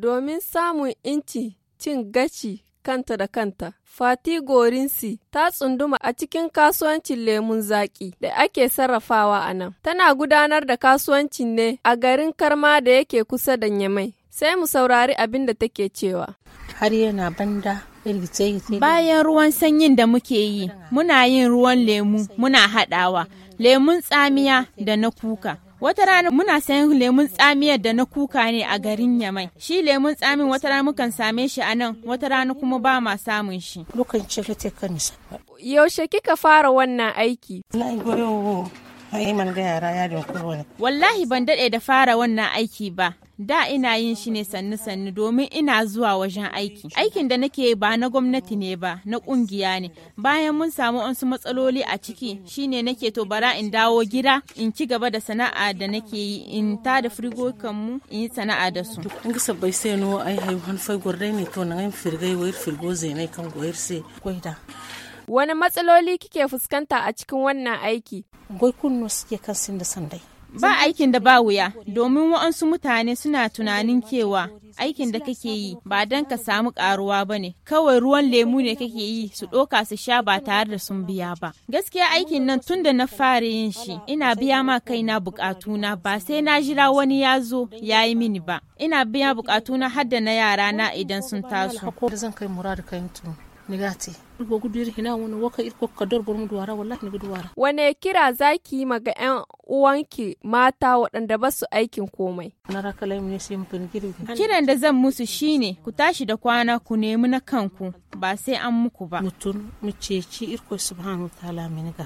domin samun inci cin gaci kanta da kanta. Fati Gorinsi ta tsunduma a cikin kasuwancin lemun zaƙi da ake sarrafawa a nan. Tana gudanar da kasuwancin ne a garin Karma da yake kusa da Nyamai. Sai mu saurari abin da take cewa. Har yana banda Bayan ruwan sanyin da muke yi, muna yin ruwan lemu muna haɗawa, lemun tsamiya da na kuka. Wata rana muna sayan lemun tsamiyar da na kuka ne a garin Yamai. Shi lemun tsamin wata rana mukan same shi a nan, wata rana kuma ba ma samun shi. Yaushe kika fara wannan aiki? Wallahi ban daɗe da fara wannan aiki ba, da ina yin shi ne sannu-sannu domin ina zuwa wajen aiki aikin da nake ba na gwamnati ne ba na kungiya ne bayan mun samu wasu matsaloli a ciki shine nake to bara in dawo gida in ci gaba da sana'a da nake yi in ta da firgokan mu in yi sana'a da su kun ga bai sai no ai haihuwan fai dai ne to na yin firgai wayar firgo zai ne kan goyar sai da. wani matsaloli kike fuskanta a cikin wannan aiki Goi no suke kan sin da sandai Ba aikin da ba wuya, domin wa'ansu mutane suna tunanin cewa aikin da kake yi ba don ka samu karuwa ba ne, kawai ruwan lemu ne kake yi su ɗoka su sha ba tare da sun biya ba. Gaskiya aikin nan tun da na fara yin shi, ina biya ma kaina bukatuna ba sai na jira wani ya zo ya yi mini ba. Ina biya bukatuna har da na yarana idan sun taso. nigati irgo gudir hina wani waka irko kador gurmu duwara wallahi ni duwara wane kira zaki maga yan uwanki mata waɗanda ba su aikin komai na raka laimu ne sai mutum kiran da zan musu shine ku tashi da kwana ku nemi na kanku ba sai an muku ba mutum mu ceci irko subhanahu ta'ala miniga